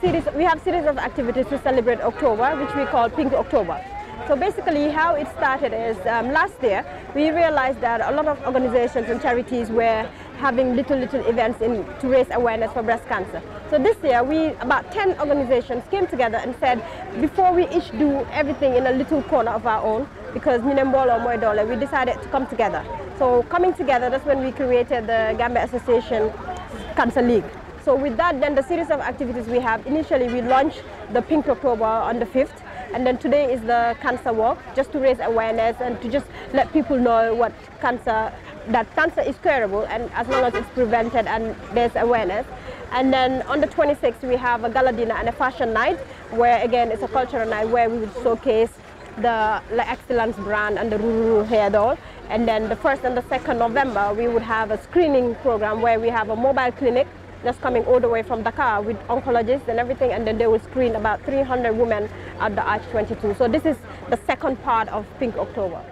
series, we have series of activities to celebrate October, which we call Pink October. So basically how it started is um, last year we realized that a lot of organizations and charities were having little little events in, to raise awareness for breast cancer. So this year we about 10 organizations came together and said before we each do everything in a little corner of our own because Ninembolo Moedola we decided to come together. So coming together that's when we created the Gambia Association Cancer League. So with that, then the series of activities we have, initially we launched the Pink October on the 5th, and then today is the cancer walk, just to raise awareness and to just let people know what cancer, that cancer is curable, and as long as it's prevented and there's awareness. And then on the 26th, we have a gala dinner and a fashion night, where again, it's a cultural night where we will showcase the La Excellence brand and the Ruru hair doll. And then the 1st and the 2nd November, we would have a screening program where we have a mobile clinic that's coming all the way from Dakar with oncologists and everything, and then they will screen about 300 women at the Arch 22. So this is the second part of Pink October.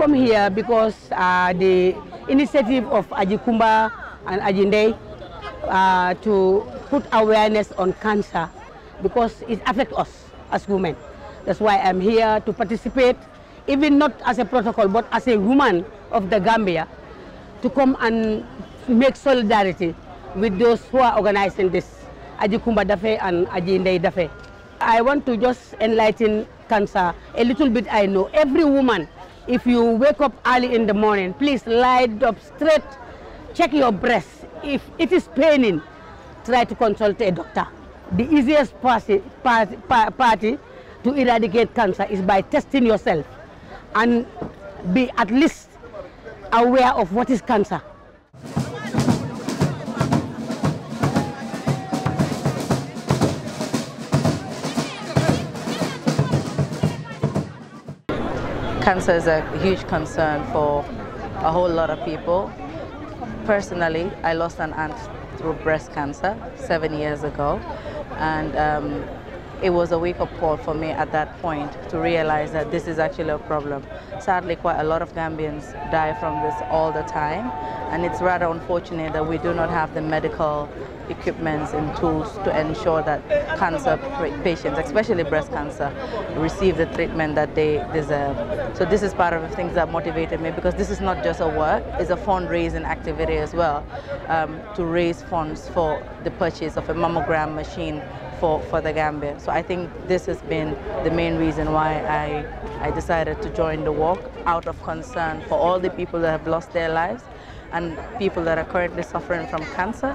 come here because uh, the initiative of Ajikumba and Ajinde uh, to put awareness on cancer because it affects us as women. That's why I'm here to participate, even not as a protocol, but as a woman of the Gambia, to come and make solidarity with those who are organizing this, Ajikumba Dafe and Ajinde Dafe. I want to just enlighten cancer a little bit I know. Every woman if you wake up early in the morning, please light up straight, check your breast. If it is paining, try to consult a doctor. The easiest party, party to eradicate cancer is by testing yourself and be at least aware of what is cancer. cancer is a huge concern for a whole lot of people. Personally, I lost an aunt through breast cancer seven years ago, and um, it was a wake-up call for me at that point to realize that this is actually a problem. Sadly, quite a lot of Gambians die from this all the time, and it's rather unfortunate that we do not have the medical equipments and tools to ensure that cancer patients, especially breast cancer, receive the treatment that they deserve. So this is part of the things that motivated me because this is not just a work, it's a fundraising activity as well um, to raise funds for the purchase of a mammogram machine for, for the Gambia. So I think this has been the main reason why I, I decided to join the walk out of concern for all the people that have lost their lives and people that are currently suffering from cancer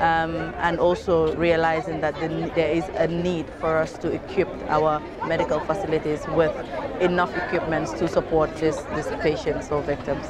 um, and also realizing that the, there is a need for us to equip our medical facilities with enough equipment to support these patients or victims.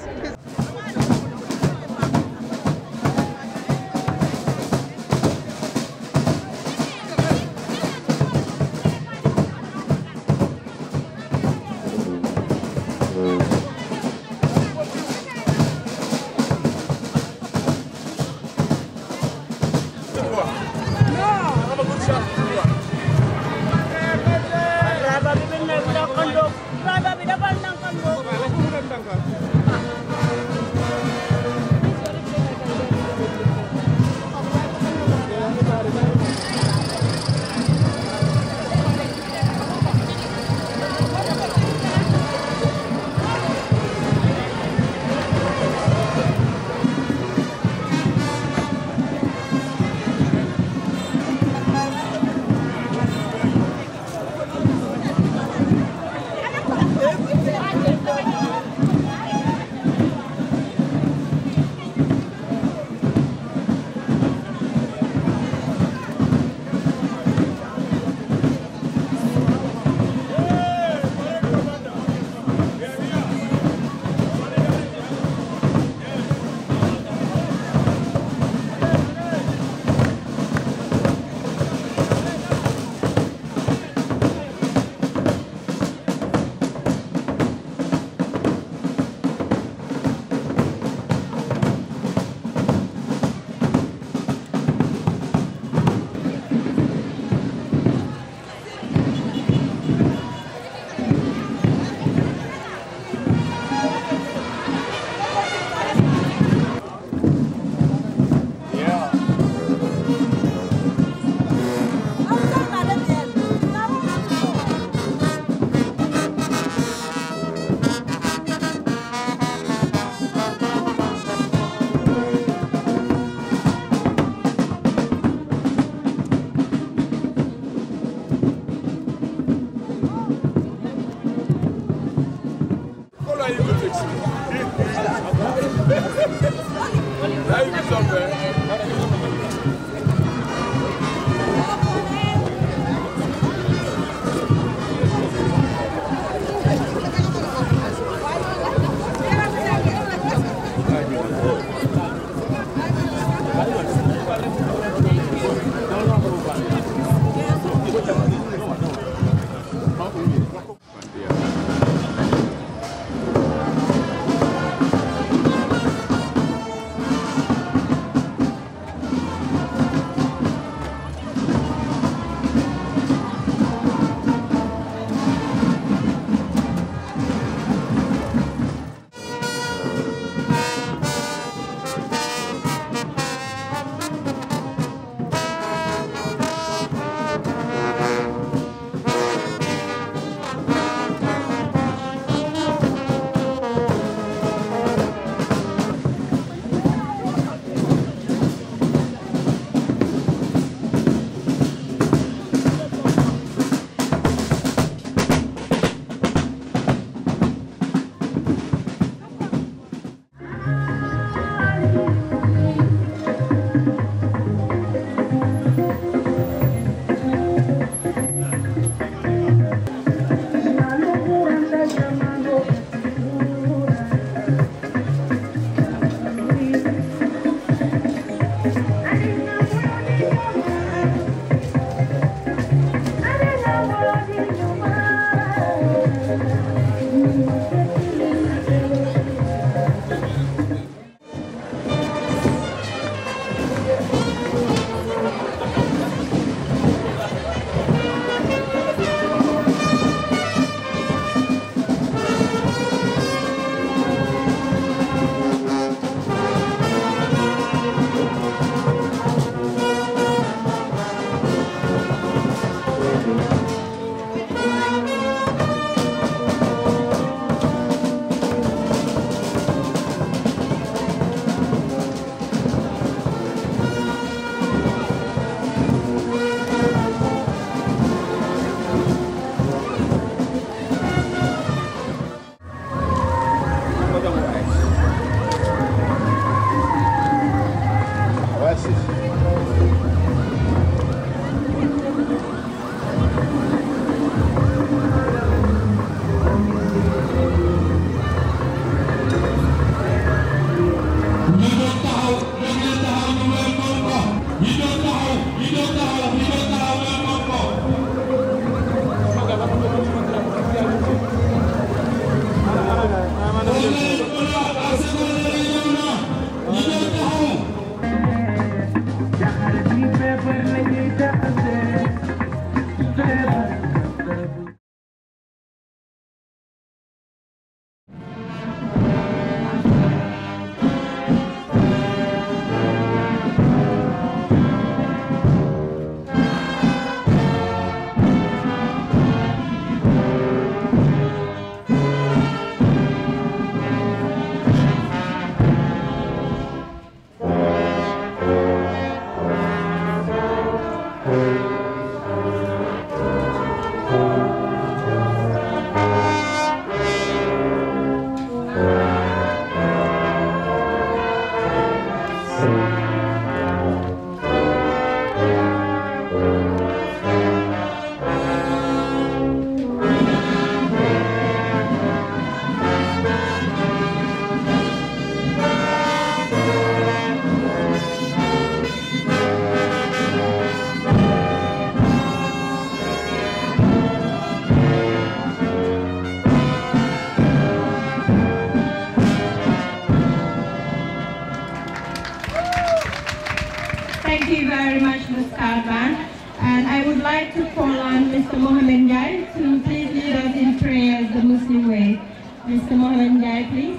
like to call on Mr. Mohamed Njai to please lead us in prayer the Muslim way. Mr. Mohamed Njai, please.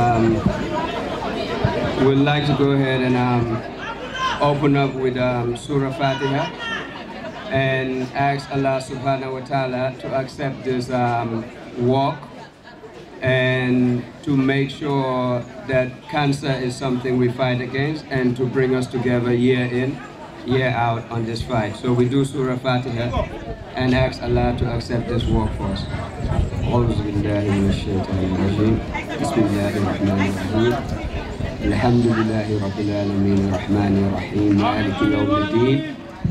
Um, we'd like to go ahead and um, open up with um, Surah Fatiha and ask Allah subhanahu wa ta'ala to accept this um, walk and to make sure that cancer is something we fight against and to bring us together year in year out on this fight. So we do Surah Fatiha and ask Allah to accept this work for us. أعوذ بالله من الشيطان الرجيم بسم الله الرحمن الرحيم الحمد لله رب العالمين الرحمن الرحيم مالك يوم الدين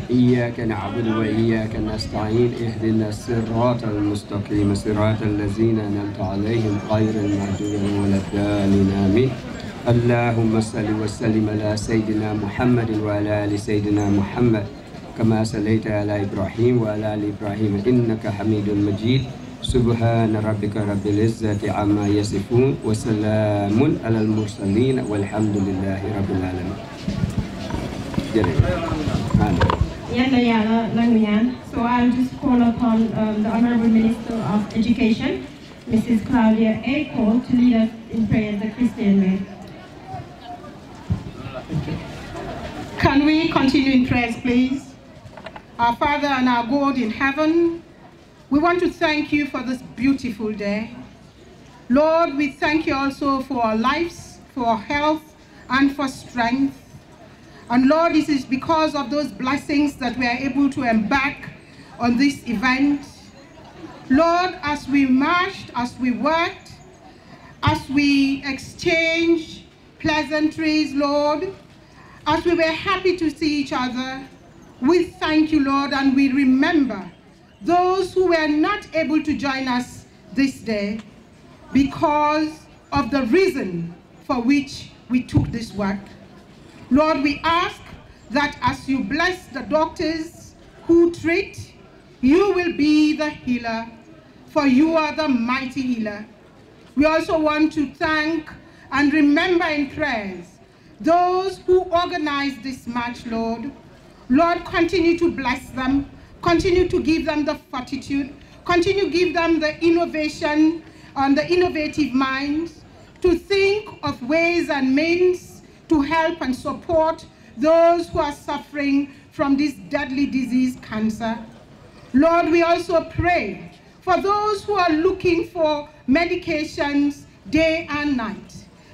إياك نعبد وإياك نستعين اهدنا الصراط المستقيم صراط الذين أنعمت عليهم غير المغضوب ولا الضالين آمين اللهم صل وسلم على سيدنا محمد وعلى ال سيدنا محمد كما صليت على ابراهيم وعلى ال ابراهيم انك حميد مجيد سبحان ربك رب العزه عما يصفون وسلام على المرسلين والحمد لله رب العالمين Yanayala Langyan. So I'll just call upon um, the Honorable Minister of Education, Mrs. Claudia A. Cole, to lead us in prayer as a Christian man. Can we continue in prayers, please? Our Father and our God in heaven, we want to thank you for this beautiful day. Lord, we thank you also for our lives, for our health, and for strength. And Lord, this is because of those blessings that we are able to embark on this event. Lord, as we marched, as we worked, as we exchanged pleasantries, Lord. As we were happy to see each other, we thank you, Lord, and we remember those who were not able to join us this day because of the reason for which we took this work. Lord, we ask that as you bless the doctors who treat, you will be the healer, for you are the mighty healer. We also want to thank and remember in prayers those who organized this march, Lord. Lord, continue to bless them. Continue to give them the fortitude. Continue to give them the innovation and the innovative minds to think of ways and means to help and support those who are suffering from this deadly disease, cancer. Lord, we also pray for those who are looking for medications day and night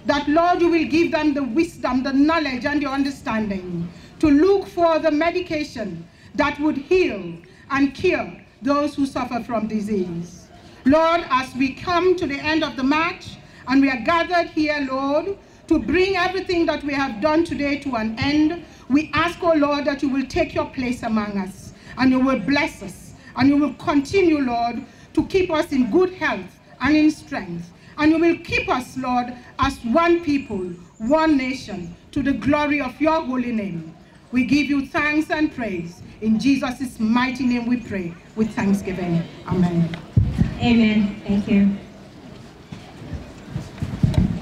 that, Lord, you will give them the wisdom, the knowledge, and the understanding to look for the medication that would heal and cure those who suffer from disease. Lord, as we come to the end of the match and we are gathered here, Lord, to bring everything that we have done today to an end, we ask, O oh Lord, that you will take your place among us and you will bless us and you will continue, Lord, to keep us in good health and in strength and you will keep us, Lord, as one people, one nation, to the glory of your holy name. We give you thanks and praise. In Jesus' mighty name we pray with thanksgiving. Amen. Amen. Thank you.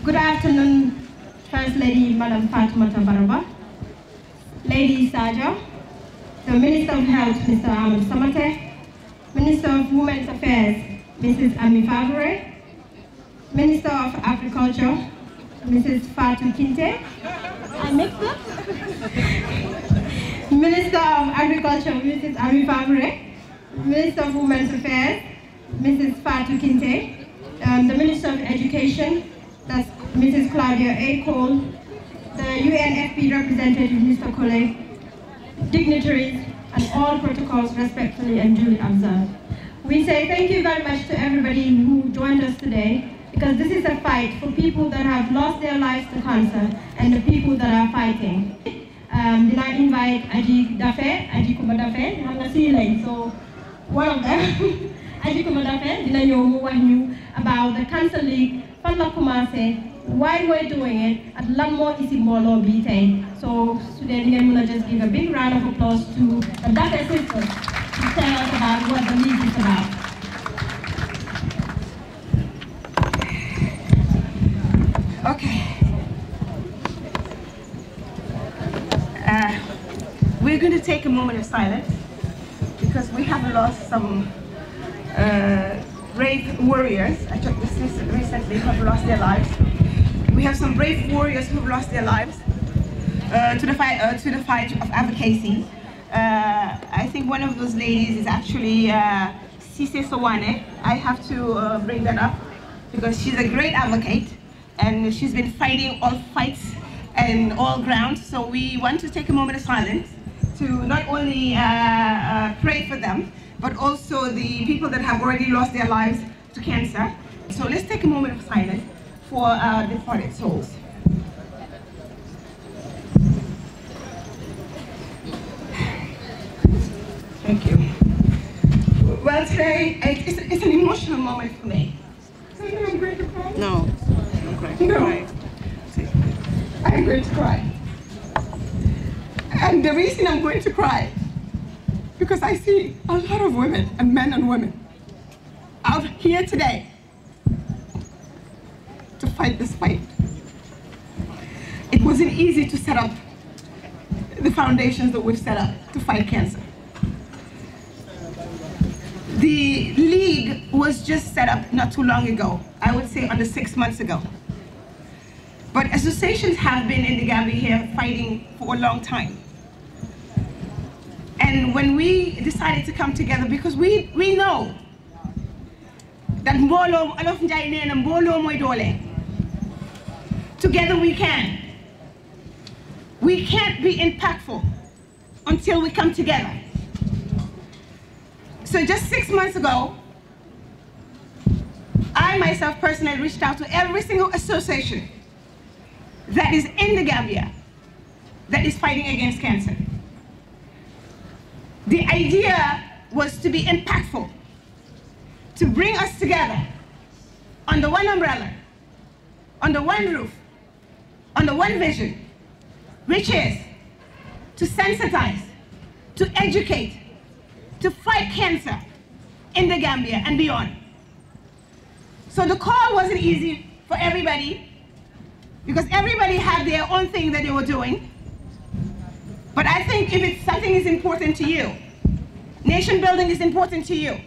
Good afternoon, First Lady Madam Fatima Tabaraba, Lady Saja, the Minister of Health, Mr. Ahmed Samate, Minister of Women's Affairs, Mrs. Ami Favre, Minister of Agriculture, Mrs. Fatou Kinte. I mixed up. Minister of Agriculture, Mrs. Ami Famre. Minister of Women's Affairs, Mrs. Fatou Kinte. Um, the Minister of Education, that's Mrs. Claudia A. Cole. The UNFP representative, Mr. Cole. Dignitaries, and all protocols respectfully and duly observed. We say thank you very much to everybody who joined us today because this is a fight for people that have lost their lives to cancer and the people that are fighting. Um, then I invite Aji Dafe, Aji Kumba Dafe, I'm not so one of them, Aji Kumba Dafe, then I know about the Cancer League, fan la why we're doing it, at a mo isi mbolo bi tay. So today we will just give a big round of applause to the Dafe sisters to tell us about what the league is about. going to take a moment of silence because we have lost some uh, brave warriors. I checked this recently, who have lost their lives. We have some brave warriors who have lost their lives uh, to, the fight, uh, to the fight of advocacy. Uh, I think one of those ladies is actually Sise uh, Sowane. I have to uh, bring that up because she's a great advocate and she's been fighting all fights and all grounds. So we want to take a moment of silence to not only uh, uh, pray for them, but also the people that have already lost their lives to cancer. So let's take a moment of silence for uh, departed souls. Thank you. Well, today it's, it's, an emotional moment for me. I'm going to cry. No, I'm going to cry. No. I'm going to cry. And the reason I'm going to cry, because I see a lot of women and men and women out here today to fight this fight. It wasn't easy to set up the foundations that we've set up to fight cancer. The league was just set up not too long ago, I would say under six months ago. But associations have been in the Gambia here fighting for a long time. And when we decided to come together, because we, we know that Mbolo, Olof Njaine and Mbolo Moidole, together we can. We can't be impactful until we come together. So just six months ago, I myself personally reached out to every single association that is in the Gambia that is fighting against cancer. The idea was to be impactful, to bring us together under one umbrella, under one roof, under one vision, which is to sensitize, to educate, to fight cancer in the Gambia and beyond. So the call wasn't easy for everybody because everybody had their own thing that they were doing. But I think if it's something is important to you, nation building is important to you,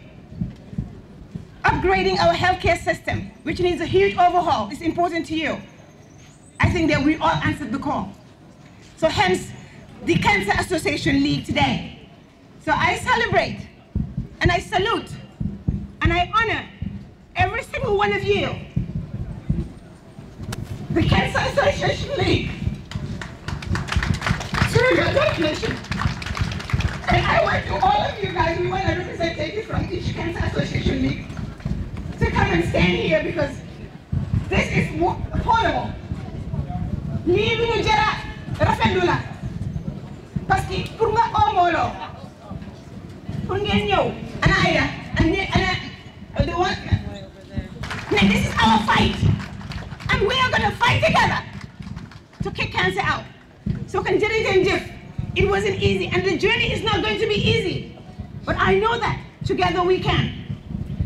upgrading our healthcare system, which needs a huge overhaul, is important to you, I think that we all answered the call. So hence, the Cancer Association League today. So I celebrate, and I salute, and I honor every single one of you. The Cancer Association League for your dedication. And I want to all of you guys, we want a representative from each cancer association league to come and stand here because this is horrible. lii bi ñu jëra rafetlu la parce que pour nga uh, the one ne this is our fight and we are gonna fight together to kick cancer out so continue to jëf. It wasn't easy and the journey is not going to be easy. But I know that together we can.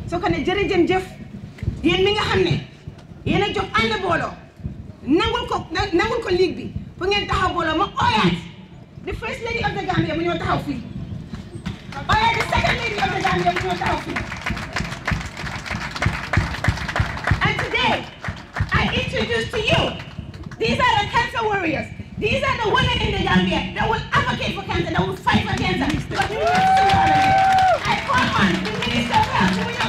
So, ko ne jërëjëf yéen mi nga xam ne yéen a jóg bolo, booloo nangul ko nangul ko ligue bi pour ngeen mo oyas. the first lady of the Gambia Mo ñoo taxaw fii ooyaat the second lady of the Gambia Mo ñoo taxaw fii and today I introduce to you these are the cancer warriors these are the women in the Gambia that will advocate for cancer, that will fight for cancer. But you need to do all of it. I call on the Minister of Health,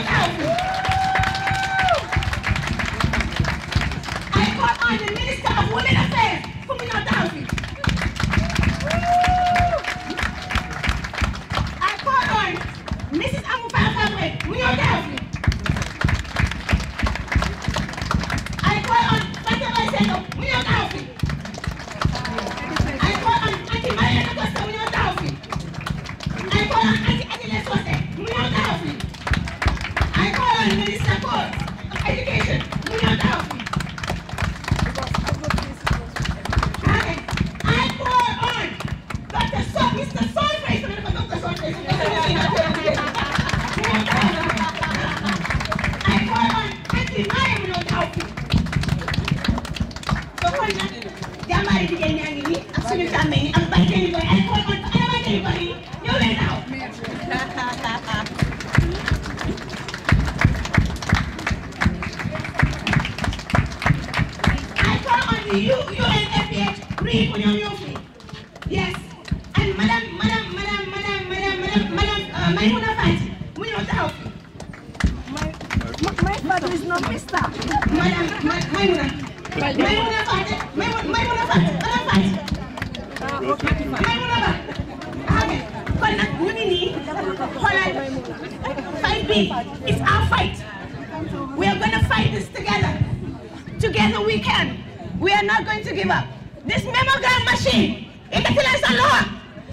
We are not going to give up. This mammogram machine, ita sila sa loha.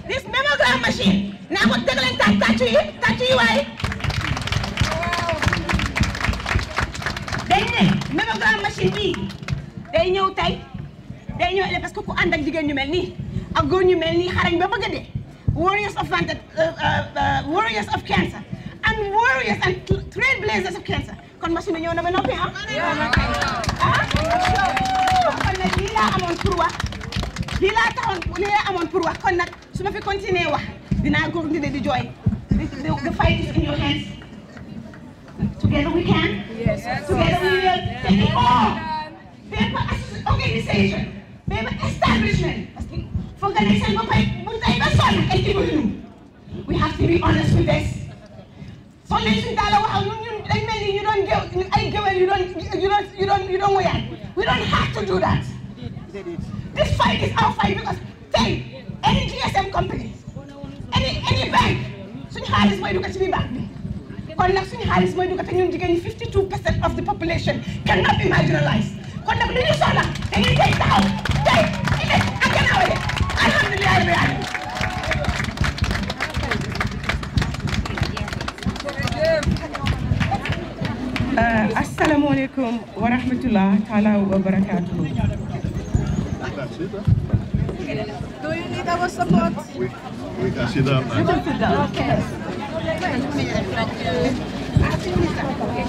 This mammogram machine, na ako tagalan tatu yi, tatu yi wai. Day ne, mammogram machine bi, They know tey, They know. ele parce que ànd ak jigéen ñu mel nii, ak góor ñu mel nii xarañ Warriors of, uh, uh, uh, warriors of cancer, and warriors and trailblazers of cancer. Kon machine bi ñëw na ba noppi ah. ah? pour wax pour wax kon fi continuer wax di the fight is in your hands together we can together we will take it all bépp establishment parce ba ba we have to be honest with this ñun ñun dañ ñu géw ay géwél we don't have to do that This fight is our fight because tey any GSM company any any bank suñu xaalis mooy dugg ci back. banque bi kon nag suñu xaalis mooy dugg te ñun jigéen ñi 52 of the population cannot be marginalized kon nag lu they soxla dañuy tey They, tey ñu ne ak gannaaw de alhamdulilah bi yàlla. asalaamaaleykum wa rahmatulah taala wa barakaatu. Do you need our support? We, can sit down. You can Okay.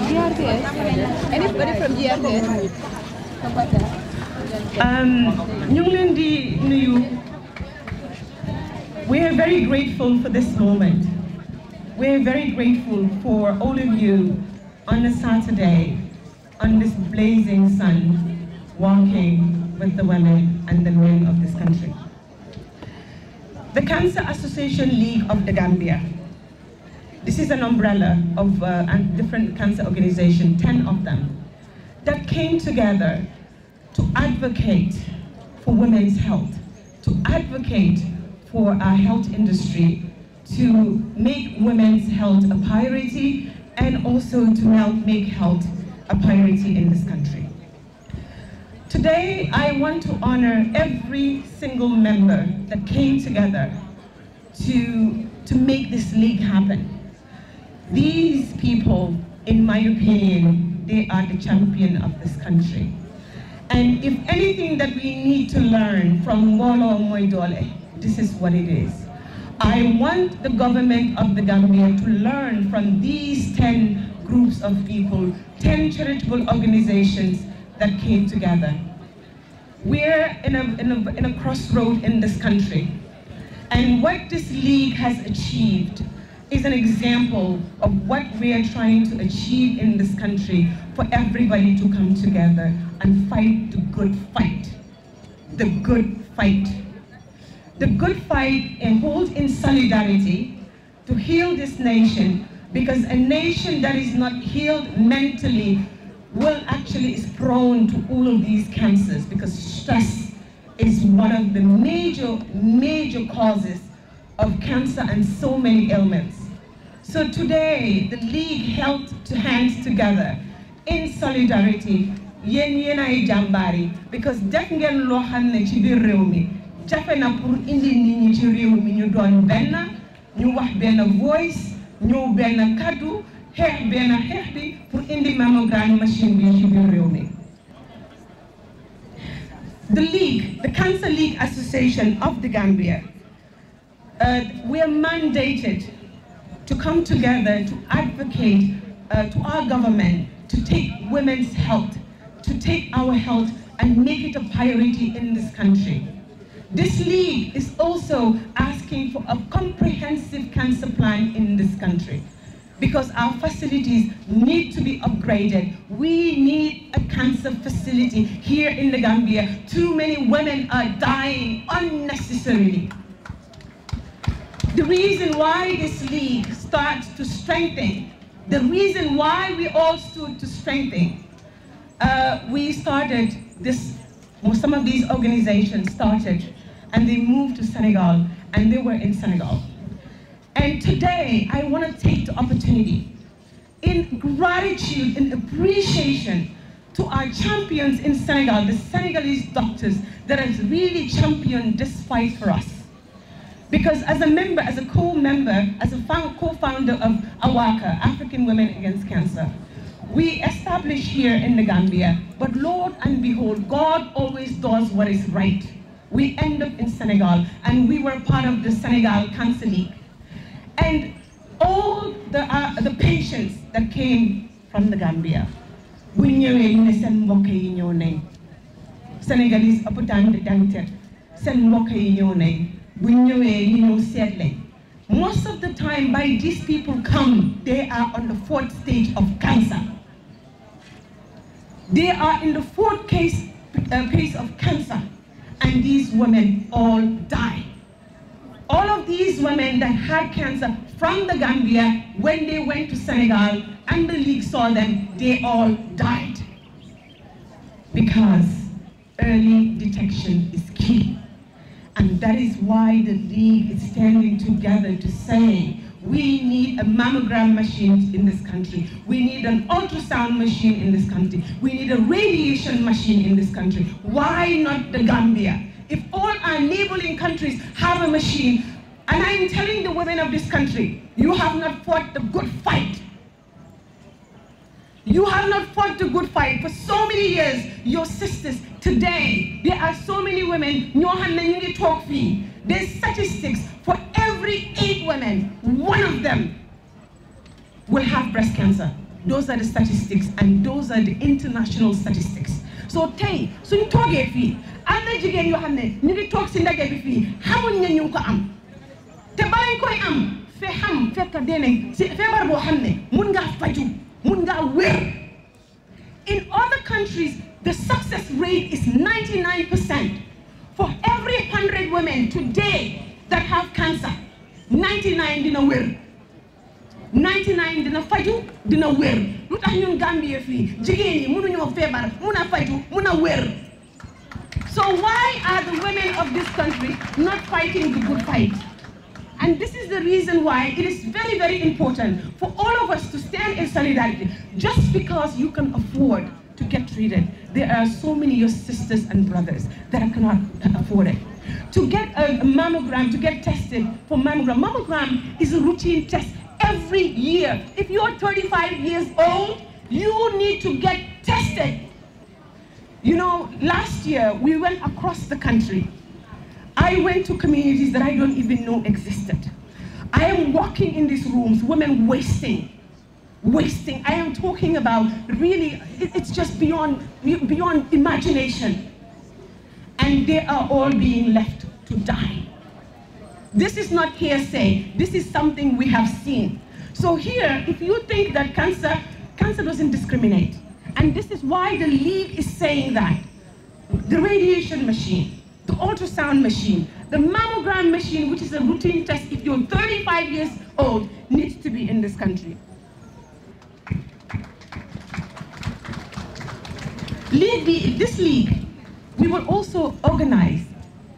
GRTS? Anybody from GRTS? Um, Nyunglindi Nuyu, we are very grateful for this moment. We're very grateful for all of you on a Saturday, on this blazing sun, walking with the women and the well of this country. The Cancer Association League of the Gambia. This is an umbrella of uh, different cancer organizations, 10 of them, that came together to advocate for women's health, to advocate for our health industry, to make women's health a priority, and also to help make health a priority in this country. Today, I want to honor every single member that came together to, to make this league happen. These people, in my opinion, they are the champion of this country. And if anything that we need to learn from Ngolo Moidole, this is what it is. I want the government of the Gambia to learn from these 10 groups of people, 10 charitable organizations that came together. We're in a, in a, in a crossroad in this country. And what this league has achieved is an example of what we are trying to achieve in this country for everybody to come together and fight the good fight. The good fight. The good fight and hold in solidarity to heal this nation because a nation that is not healed mentally well actually is prone to all of these cancers because stress is one of the major, major causes of cancer and so many ailments. So today, the League held to hand together in solidarity yéen yéen ay jambari because def ngeen loo xam ne ci na pour indi nit ñi ci réew mi ñu doon benn ñu wax benn voice ñëw benn kaddu the league, the Cancer League Association of the Gambia, uh, we are mandated to come together to advocate uh, to our government to take women's health, to take our health and make it a priority in this country. This league is also asking for a comprehensive cancer plan in this country because our facilities need to be upgraded. We need a cancer facility here in the Gambia. Too many women are dying unnecessarily. The reason why this league starts to strengthen, the reason why we all stood to strengthen, uh, we started this, well, some of these organizations started and they moved to Senegal and they were in Senegal. And today, I want to take the opportunity in gratitude and appreciation to our champions in Senegal, the Senegalese doctors that has really championed this fight for us. Because as a member, as a co-member, as a co-founder of AWACA, African Women Against Cancer, we established here in the Gambia, but Lord and behold, God always does what is right. We end up in Senegal, and we were part of the Senegal Cancer League and all the, uh, the patients that came from the Gambia. bu ñëwee ñu ne most of the time by these people come they are on the fourth stage of cancer they are in the fourth case uh, case of cancer and these women all die all of these women that had cancer from the Gambia, when they went to Senegal and the league saw them, they all died. Because early detection is key. And that is why the league is standing together to say, we need a mammogram machine in this country. We need an ultrasound machine in this country. We need a radiation machine in this country. Why not the Gambia? if all our neighboring countries have a machine, and I'm telling the women of this country, you have not fought the good fight. You have not fought the good fight for so many years. Your sisters, today, there are so many women, there's statistics for every eight women, one of them will have breast cancer. Those are the statistics, and those are the international statistics. So, Tay, so you me am na jigéen am in other countries the success rate is 99 percent for every 100 women today that have cancer 99 not wear. 99 dina not dina wér not tax ñun Gambie fii jigéen ñi mënuñoo feebar mun a faju so why are the women of this country not fighting the good fight? And this is the reason why it is very, very important for all of us to stand in solidarity. Just because you can afford to get treated, there are so many your sisters and brothers that cannot afford it. To get a, a mammogram, to get tested for mammogram, mammogram is a routine test every year. If you are 35 years old, you need to get tested you know, last year we went across the country. I went to communities that I don't even know existed. I am walking in these rooms, women wasting, wasting. I am talking about really, it's just beyond, beyond imagination. And they are all being left to die. This is not hearsay. This is something we have seen. So here, if you think that cancer, cancer doesn't discriminate. And this is why the league is saying that. The radiation machine, the ultrasound machine, the mammogram machine, which is a routine test if you're 35 years old, needs to be in this country. League, this league, we will also organize,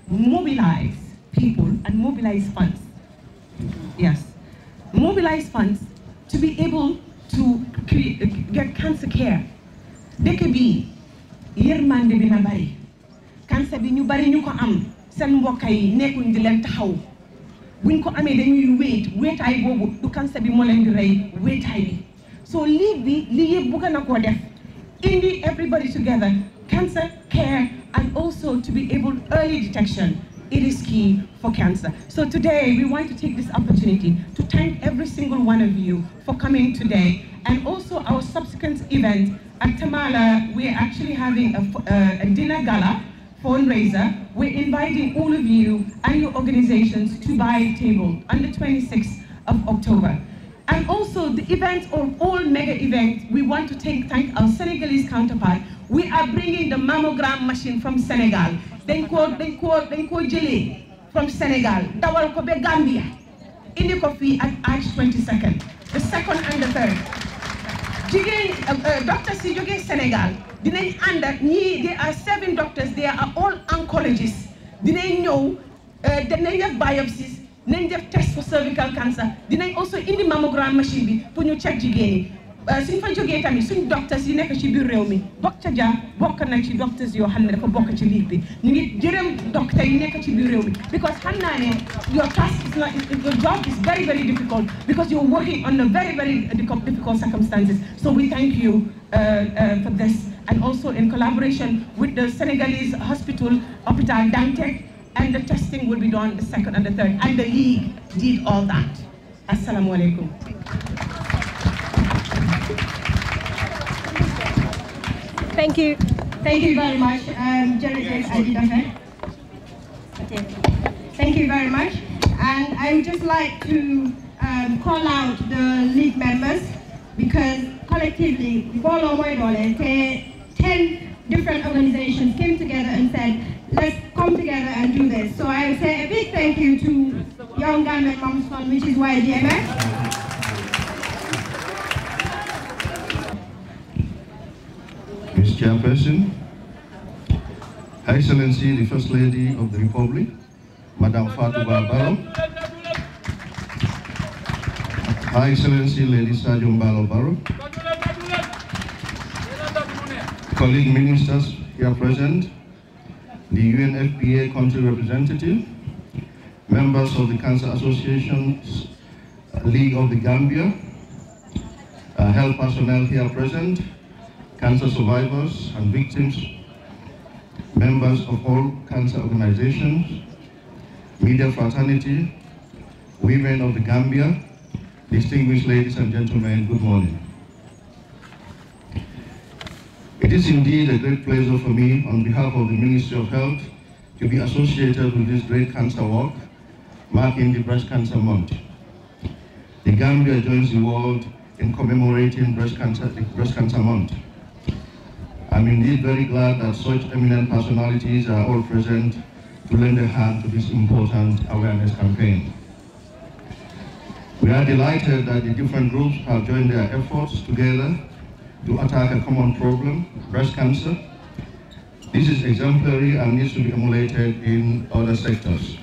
mobilize people and mobilize funds. Yes. Mobilize funds to be able to create, get cancer care dëkk bii yërmande bi na bari cancer bi ñu bari ñu ko am seen mbokk yi nekkuñ di leen taxaw buñ ko amee dañuy wéet wéetaay boobu du cancer bi moo leen di rey wéetaay bi so lii bi lii yëpp na koo def indi everybody together cancer care and also to be able early detection it is key for cancer. So today we want to take this opportunity to thank every single one of you for coming today and also our subsequent event at Tamala, we're actually having a, uh, a dinner gala fundraiser. We're inviting all of you and your organizations to buy a table on the 26th of October. And also the events of all mega events, we want to take, thank our Senegalese counterpart. We are bringing the mammogram machine from Senegal. Then called, then called, then called Jilly from Senegal. Dawal Kobe Gambia. Indi Kofi at March 22nd, the second and the third. Dr. Euh, euh, doctors yi Sénégal they are seven doctors they are all oncologists They know. They have biopsies They have tests for cervical cancer They also the mammogram machine bi pour ñu check jigéen Euh, suñ fa jógee tamit suñ docteurs yi nekk ci biir réew mi docteur Dia bokk na ci docteurs yoo xam because xam your task is not your job is very very difficult because you're working under very very difficult circumstances so we thank you uh, uh, for this and also in collaboration with the Senegalese hospital Hôpital Dantec and the testing will be done the second and the third and the league did all that assalamu alaikum Thank you. Thank you very much, um, Jerry J. Thank you very much. And I would just like to um, call out the league members because collectively, all Bolo Moidole, 10 different organizations came together and said, let's come together and do this. So I would say a big thank you to Young Gunmen Moms Fund, which is YGMS. Chairperson, Her Excellency the First Lady of the Republic, Madame Fatou Barro, Her Excellency Lady Sajum Barro, colleague ministers here present, the UNFPA country representative, members of the Cancer Association's League of the Gambia, uh, health personnel here present, cancer mm-hmm. survivors and victims, members of all cancer organizations, media fraternity, women of the Gambia, distinguished ladies and gentlemen, good morning. It is indeed a great pleasure for me on behalf of the Ministry of Health to be associated with this great cancer walk marking the Breast Cancer Month. The Gambia joins the world in commemorating Breast Cancer, Breast Cancer Month. I'm indeed very glad that such eminent personalities are all present to lend a hand to this important awareness campaign. We are delighted that the different groups have joined their efforts together to attack a common problem, breast cancer. This is exemplary and needs to be emulated in other sectors.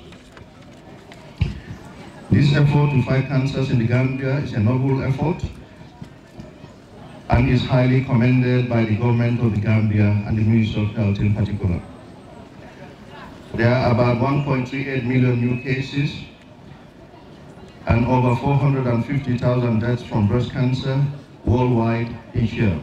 This effort to fight cancers in the Gambia is a noble effort and is highly commended by the government of the Gambia and the Minister of Health in particular. There are about 1.38 million new cases and over 450,000 deaths from breast cancer worldwide each year.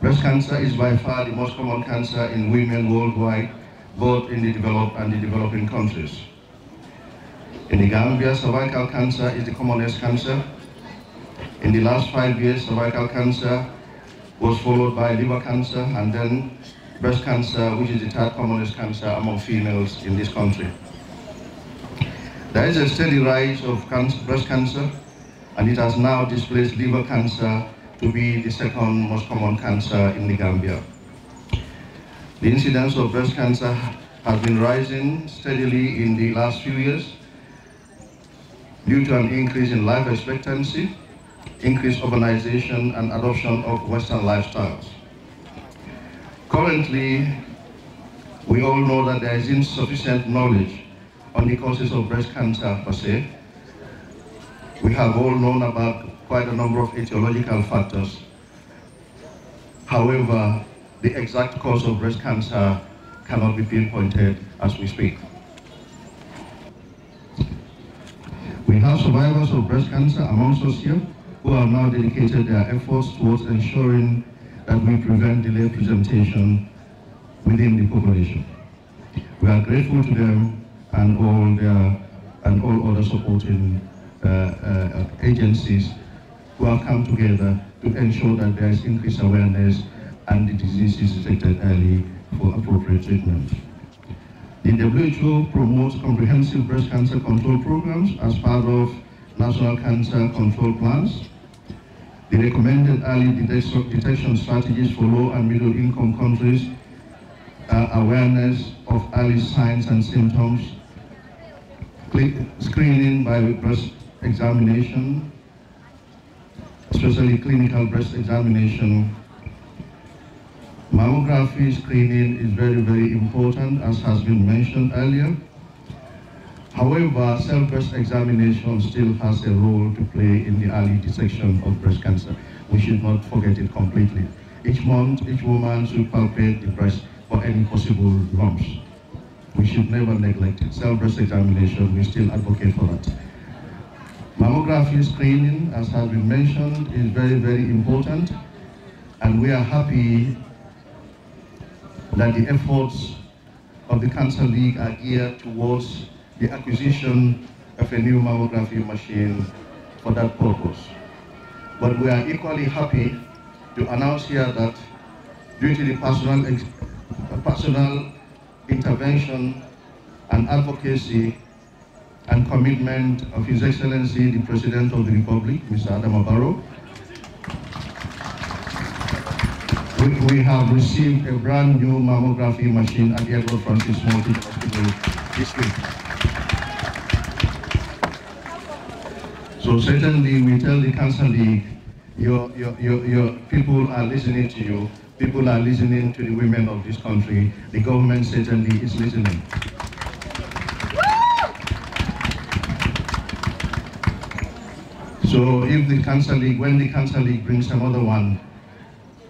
Breast cancer is by far the most common cancer in women worldwide, both in the developed and the developing countries. In the Gambia, cervical cancer is the commonest cancer, in the last five years, cervical cancer was followed by liver cancer and then breast cancer, which is the third commonest cancer among females in this country. There is a steady rise of cancer, breast cancer, and it has now displaced liver cancer to be the second most common cancer in the Gambia. The incidence of breast cancer has been rising steadily in the last few years due to an increase in life expectancy increased urbanization and adoption of Western lifestyles. Currently, we all know that there is insufficient knowledge on the causes of breast cancer per se. We have all known about quite a number of etiological factors. However, the exact cause of breast cancer cannot be pinpointed as we speak. We have survivors of breast cancer amongst us here who have now dedicated their efforts towards ensuring that we prevent delayed presentation within the population. We are grateful to them and all their and all other supporting uh, uh, agencies who have come together to ensure that there is increased awareness and the disease is detected early for appropriate treatment. The WHO promotes comprehensive breast cancer control programs as part of national cancer control plans the recommended early detection strategies for low and middle income countries, are uh, awareness of early signs and symptoms, screening by breast examination, especially clinical breast examination. Mammography screening is very, very important, as has been mentioned earlier. However, self-breast examination still has a role to play in the early detection of breast cancer. We should not forget it completely. Each month, each woman should palpate the breast for any possible lumps. We should never neglect it. Self-breast examination, we still advocate for that. Mammography screening, as has been mentioned, is very, very important. And we are happy that the efforts of the Cancer League are geared towards the acquisition of a new mammography machine for that purpose. But we are equally happy to announce here that due to the personal, personal intervention and advocacy and commitment of His Excellency the President of the Republic, Mr. Adam Barrow, we have received a brand new mammography machine at the Edward Francis Multi Hospital this week. So certainly we tell the Cancer League, your, your, your, your people are listening to you, people are listening to the women of this country, the government certainly is listening. So if the Cancer League, when the Cancer League brings another one,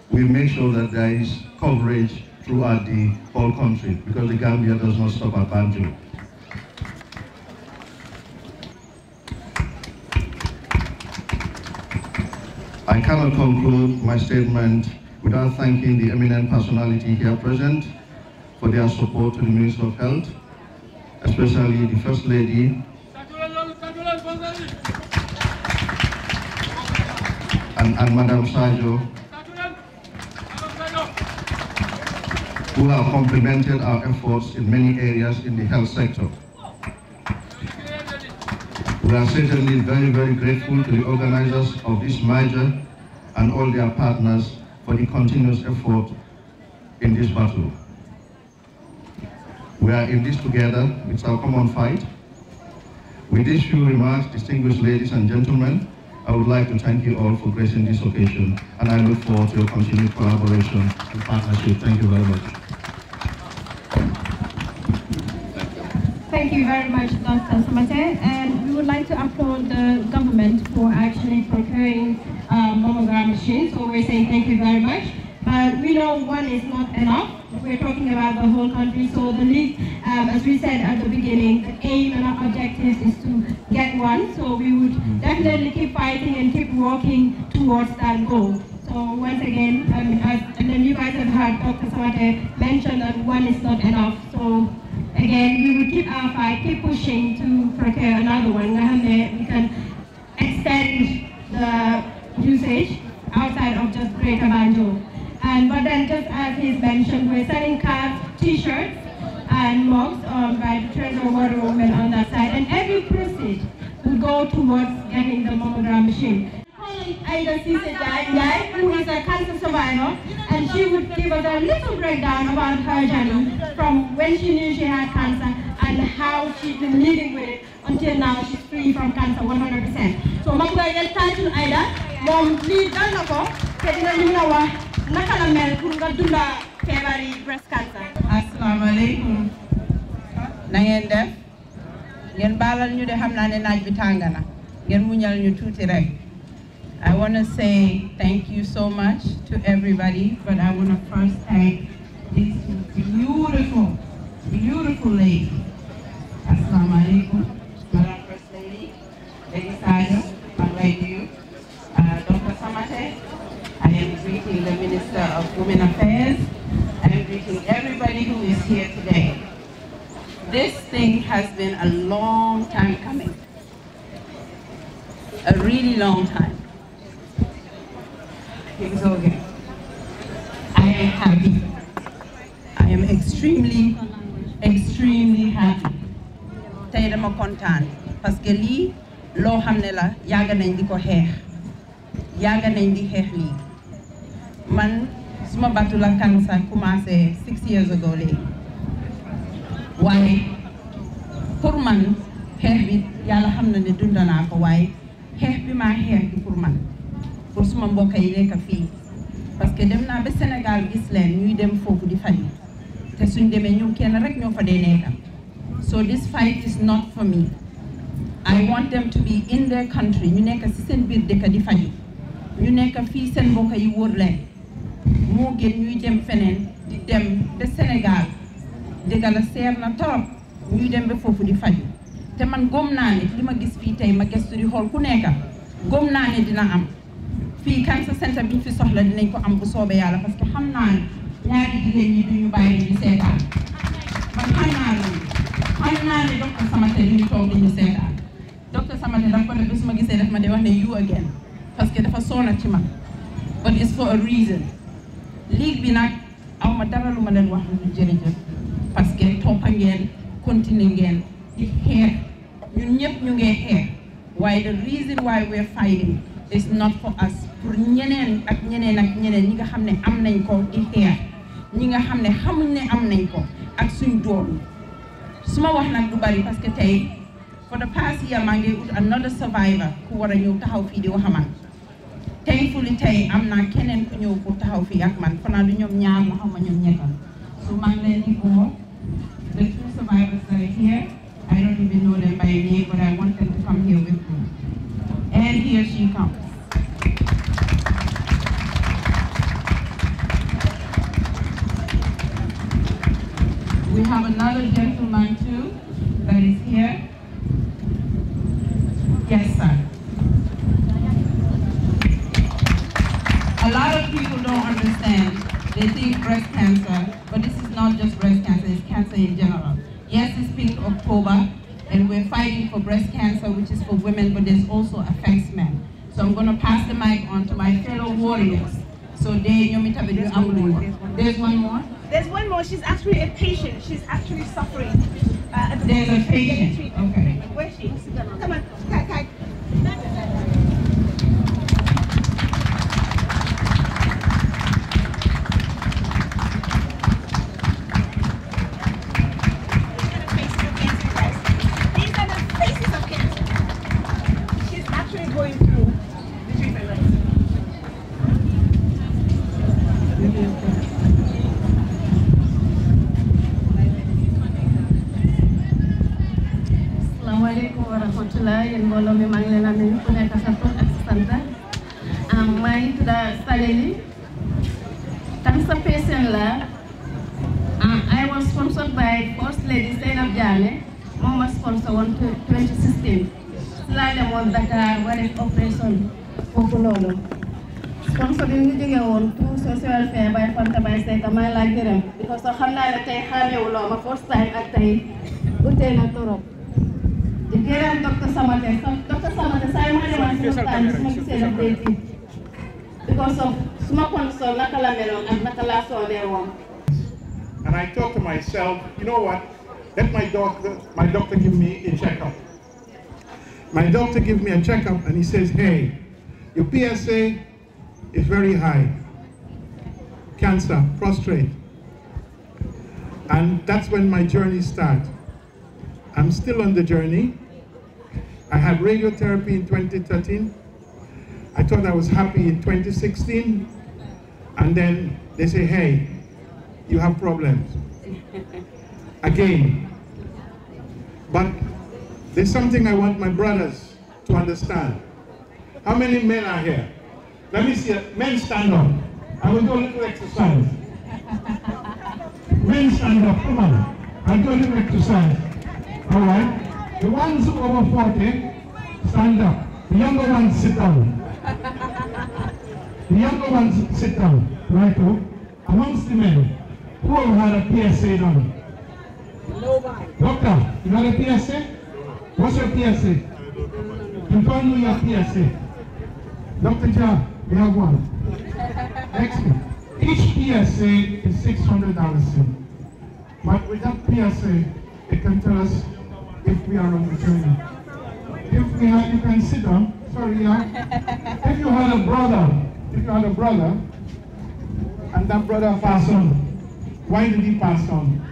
we make sure that there is coverage throughout the whole country because the Gambia does not stop at Banjul. cannot conclude my statement without thanking the eminent personality here present for their support to the Minister of Health, especially the First Lady, and, and Madam Sajo, who have complemented our efforts in many areas in the health sector. We are certainly very, very grateful to the organizers of this merger and all their partners for the continuous effort in this battle. We are in this together. with our common fight. With these few remarks, distinguished ladies and gentlemen, I would like to thank you all for gracing this occasion, and I look forward to your continued collaboration and partnership. Thank you very much. Thank you very much, Dr. Samate. And we would like to applaud the government for actually procuring uh, mammogram machines. So we're saying thank you very much. But we know one is not enough. We're talking about the whole country. So the least, um, as we said at the beginning, the aim and our objective is to get one. So we would definitely keep fighting and keep working towards that goal. So once again, um, as, and then you guys have heard Dr. Samate mention that one is not enough. So again, we would keep our fight, keep pushing to procure another one. We can extend the usage outside of just Greater Banjul. And but then, just as he's mentioned, we're selling cards, T-shirts, and mugs um, by the Treasure Water Woman on that side. And every proceed will go towards getting the mammogram machine. I just see Ida Sisajai, who is a cancer survivor, and she would give us a little breakdown about her journey when she knew she had cancer and how she's been living with it until now she's free from cancer 100%. So ma bëgg a jël tàccul Aida moom lii dal na ko te dina ñu la wax naka la mel pour nga dunda feebar breast cancer. asalaamaaleykum na ngeen def ngeen baalal ñu de xam naa ne naaj bi tàng na ngeen muñal ñu tuuti rek. I want to say thank you so much to everybody, but I want to first thank these beautiful beautiful lady. Assalamu alaikum, First Lady, Lady uh, Dr. Samate. I am greeting the Minister of Women Affairs. I am greeting everybody who is here today. This thing has been a long time coming. A really long time. It's okay. I am happy. I am extremely dama kontaan parce que lii loo xam ne la yàgg nañ di ko xeex yàgg nañ di xeex lii man suma battu la cancer commencé six years ago léegi waaye pour man xeex bi yàlla xam na ne dund naa ko waaye xeex bi maa xeex bi pour man pour suma mbokk yi nekk fii parce que dem naa ba Sénégal gis leen ñuy dem foofu di faj te suñ demee ñoom kenn rek ñoo fa dee nekkam So this fight is not for me. I want them to be in their country You neka sisen seen biir dëkk di faju ñu nekk fii seen mbokk yi wóor leen gën ñuy dem fenen, di dem ba Sénégal dëgg la seer na torop ñuy dem be foofu di faju te man gom naa ne li ma gis fii tey ma gëstu di xool ku nekk gom naa dina am Fi cancer centre bi fi soxla dinañ ko am bu soobee yàlla parce que xam naa di ñaari jigéen ñi duñu bàyyi ñu seetaan man xam naa loolu xam naa ne docteur Samaté ñu toog di ñu seetaan docteur Samaté dama ko def su ma gisee daf ma de wax ne you again parce que dafa soona ci man but it's for a reason ligue bi nag am ma dara lu ma leen wax lu jërëjëf parce que toppa ngeen continuer ngeen di xeex ñun ñëpp ñu ngee xeex waaye the reason why we're fighting is not for us pour ñeneen ak ñeneen ak ñeneen ñi nga xam ne am nañ ko di xeex ñi nga xam ne xamuñ ne am nañ ko ak suñ doolu suma bari parce que for the past year maa ut another survivor ku war in ñëw taxaw fii di wax man thankfully i am not keneen ku ñëw pour taxaw fii ak man fanaa du ñoom ñaar ma xam ma ñoom so maa ngi leen the two survivors that are here I don't even know them by name but I want them to come here with me and here she comes We have another gentleman too that is here. Yes, sir. A lot of people don't understand. They think breast cancer, but this is not just breast cancer, it's cancer in general. Yes, it's Pink October, and we're fighting for breast cancer, which is for women, but this also affects men. So I'm going to pass the mic on to my fellow warriors. So they There's one more. There's one more. She's actually a patient. She's actually suffering. Uh, There's a patient. Okay. Where is she? Come on. because of And I thought to myself, you know what? Let my doctor, my doctor give me a checkup. My doctor gave me a checkup and he says, hey, your PSA is very high. Cancer, prostate, and that's when my journey started. I'm still on the journey. I had radiotherapy in 2013. I thought I was happy in 2016. And then they say, hey, you have problems. Again. But there's something I want my brothers to understand. How many men are here? Let me see. Men stand up. I will do a little exercise. men and of women to exercise. Alright? The ones over 40, stand up. The younger ones sit down. The younger ones sit down. Right Amongst the men, who have had a PSA done? Nobody. Doctor, you had a PSA? What's your PSA? You don't know your PSA. Dr. John, you have one. Excellent. Each PSA is $600 But with that PSA, it can tell us if we are on the journey. If we had, you can sit down. Sorry, yeah. If you had a brother, if you had a brother, and that brother passed on, why did he pass on?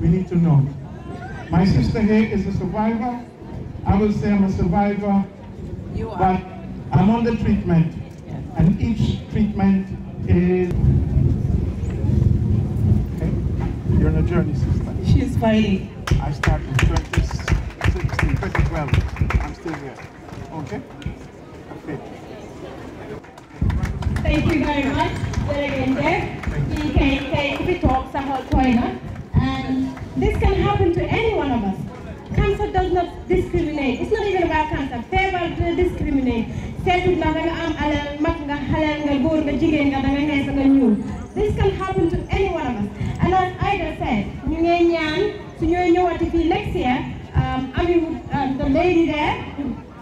We need to know. My sister here is a survivor. I will say I'm a survivor. You are. But I'm on the treatment. Yes. And each treatment is... Okay. You're on a journey, sister. She's smiling. I started in 2016, 2012. I'm still here. Okay? Okay. Thank you very much. There again, there. We can take the talks about toilet. And this can happen to any one of us. Cancer does not discriminate. It's not even about cancer. Fever does discriminate. This can happen to any one of us. And as Ida said, next year, um, I mean, um, the lady there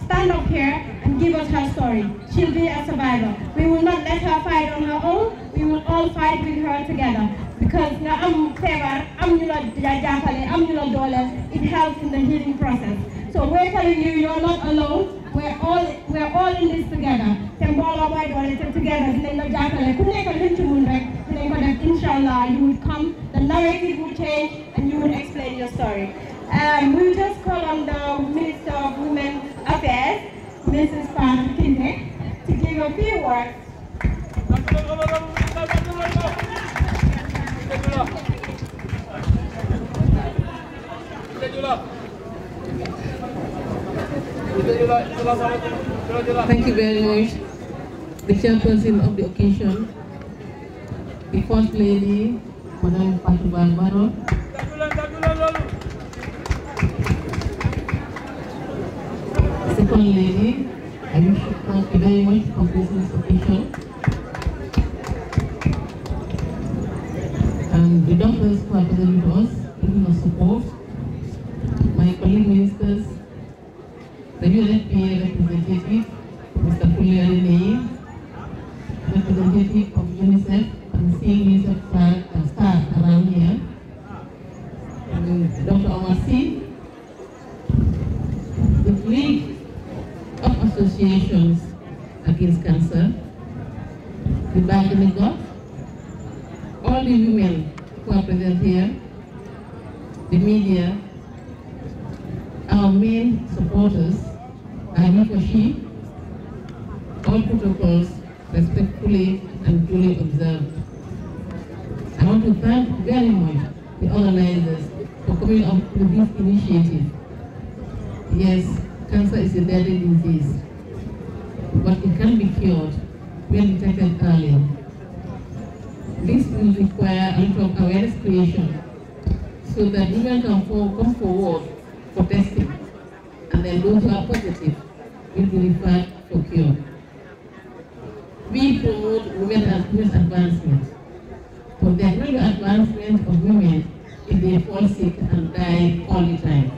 stand up here and give us her story. She'll be a survivor. We will not let her fight on her own. We will all fight with her together. Because now I'm favor, I'm It helps in the healing process. So we're telling you, you're not alone. We're all, we're all in this together. Te mbooloo mooy doole te together dinañ la jàppale ku nekk luñ ci mun rek inshallah you would come, the narrative would change and you would explain your story. Um, we will just call on the Minister of Women Affairs, Mrs. Pam Kinde, to give a few words. Thank you. Thank you very much. The chairperson of the occasion, the First Lady, Madame Patu Barbaro, Second Lady, I wish you thank you very much for this occasion. And the doctors who are present with us, giving us support, my colleague ministers, the representative, Mr. Fulian Naim, representative of UNICEF, I'm seeing Mr. Star, uh, Star around here, and Dr. Omasi, the League of Associations Against Cancer, the Bargaining Golf, all the women who are present here, the media, our main supporters are Nikoshi. All protocols respectfully and duly observed. I want to thank very much the organizers for coming up with this initiative. Yes, cancer is a deadly disease, but it can be cured when detected early. This will require a lot of awareness creation so that women can come forward for testing, and then those who are positive will be referred for cure. We promote women and women's advancement, but there will be advancement of women if they fall sick and die all the time.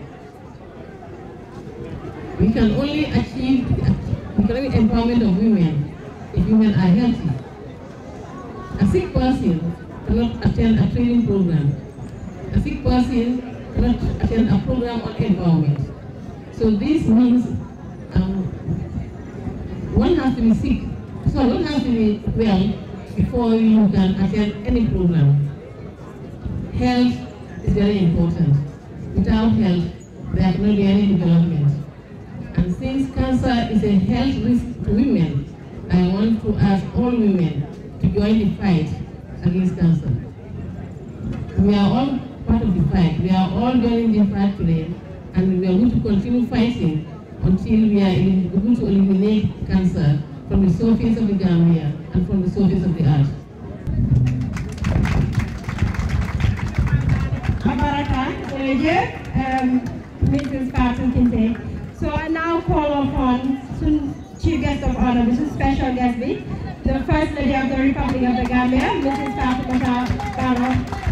We can only achieve the economic empowerment of women if women are healthy. A sick person cannot attend a training program. A sick person attend a program on environment. So this means um, one has to be sick, so one has to be well before you can attend any program. Health is very important. Without health, there cannot be any development. And since cancer is a health risk to women, I want to ask all women to join the fight against cancer. We are all part of the fight. We are all going the fight today, and we are going to continue fighting until we are able to eliminate cancer from the surface of the Gambia and from the surface of the earth. Um, so I now call upon Chief Guest of Honor, is Special Guest, the First Lady of the Republic of the Gambia, Mrs. Fatima Barrow.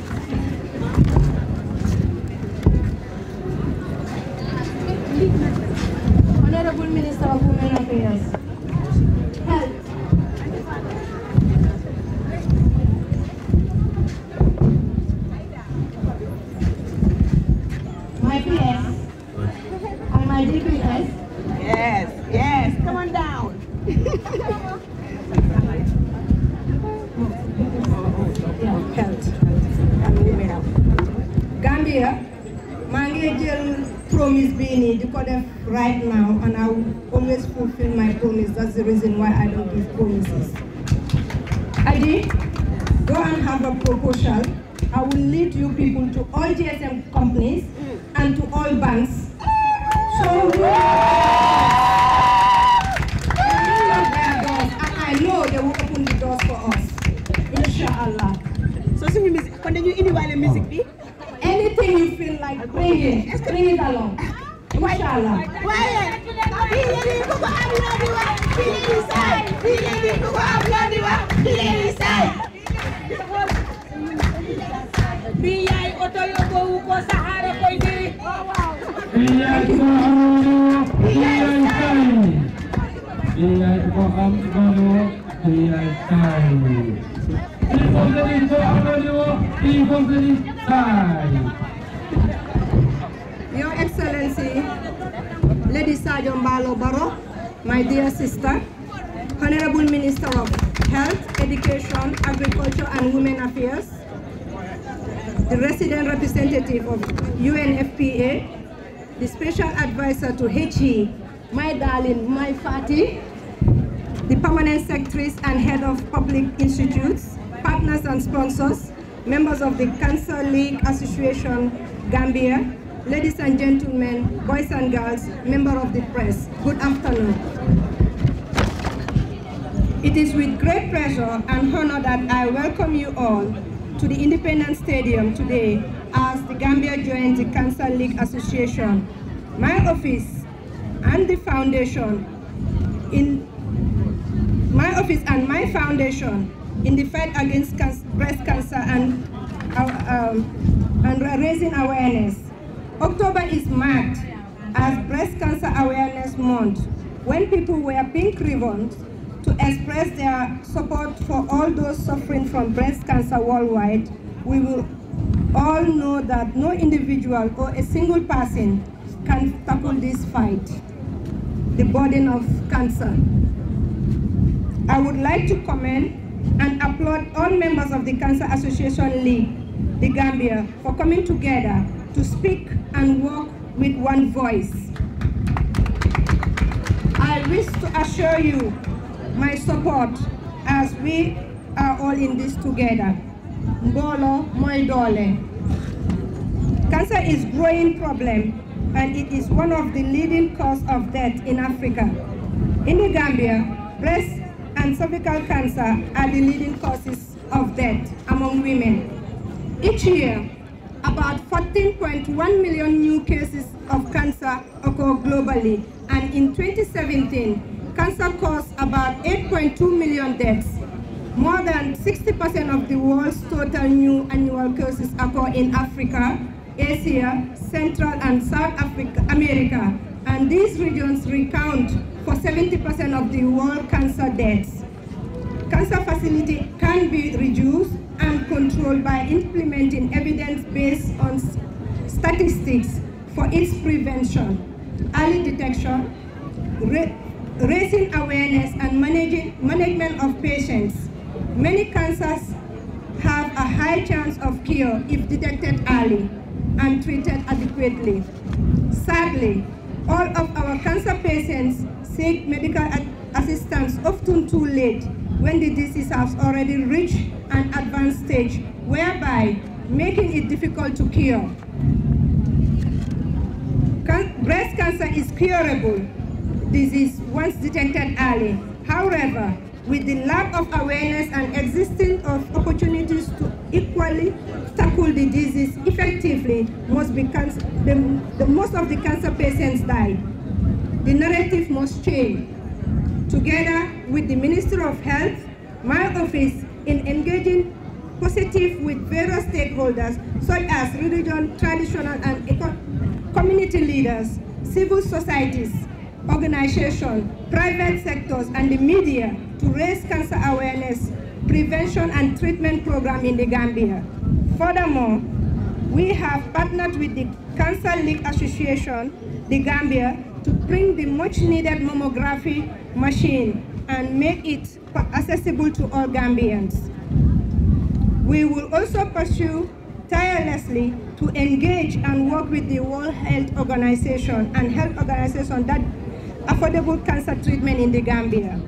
Yes. Thank you. ऊपर सहारा कोई नहीं Dia faham kamu, dia tahu. Ibu jadi faham kamu, Your Excellency, Lady Sajon Balo Baro, my dear sister, Honorable Minister of Health, Education, Agriculture and Women Affairs, the resident representative of UNFPA, the special advisor to HE, my darling, my fatty, the permanent secretaries and head of public institutes, partners and sponsors, members of the Cancer League Association Gambia, ladies and gentlemen, boys and girls, member of the press, good afternoon. It is with great pleasure and honor that I welcome you all to the Independence Stadium today as the Gambia joined the Cancer League Association. My office and the foundation in my office and my foundation in the fight against cancer, breast cancer and uh, um, and raising awareness. October is marked as Breast Cancer Awareness Month when people wear pink ribbons express their support for all those suffering from breast cancer worldwide, we will all know that no individual or a single person can tackle this fight, the burden of cancer. I would like to commend and applaud all members of the Cancer Association League, the Gambia, for coming together to speak and work with one voice. I wish to assure you my support as we are all in this together. my Moidole. Cancer is growing problem and it is one of the leading cause of death in Africa. In the Gambia, breast and cervical cancer are the leading causes of death among women. Each year, about 14.1 million new cases of cancer occur globally, and in 2017, Cancer caused about 8.2 million deaths. More than 60% of the world's total new annual cases occur in Africa, Asia, Central and South Africa, America, and these regions recount for 70% of the world cancer deaths. Cancer facility can be reduced and controlled by implementing evidence based on statistics for its prevention, early detection, raising awareness and managing, management of patients. Many cancers have a high chance of cure if detected early and treated adequately. Sadly, all of our cancer patients seek medical assistance often too late when the disease has already reached an advanced stage, whereby making it difficult to cure. Can breast cancer is curable disease once detected early. However, with the lack of awareness and existence of opportunities to equally tackle the disease effectively, most the, the most of the cancer patients die. The narrative must change. Together with the Ministry of Health, my office in engaging positive with various stakeholders such as religion, traditional and community leaders, civil societies, organizations, private sectors, and the media to raise cancer awareness, prevention, and treatment program in the Gambia. Furthermore, we have partnered with the Cancer League Association, the Gambia, to bring the much-needed mammography machine and make it accessible to all Gambians. We will also pursue tirelessly to engage and work with the World Health Organization and health organizations that affordable cancer treatment in the Gambia.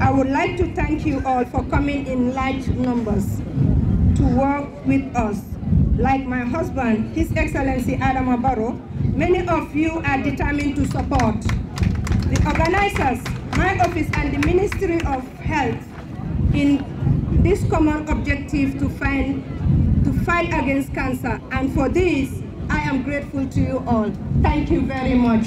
I would like to thank you all for coming in large numbers to work with us. Like my husband, His Excellency Adam Abaro, many of you are determined to support. The organizers, my office and the Ministry of Health in this common objective to, find, to fight against cancer. And for this, I am grateful to you all. Thank you very much.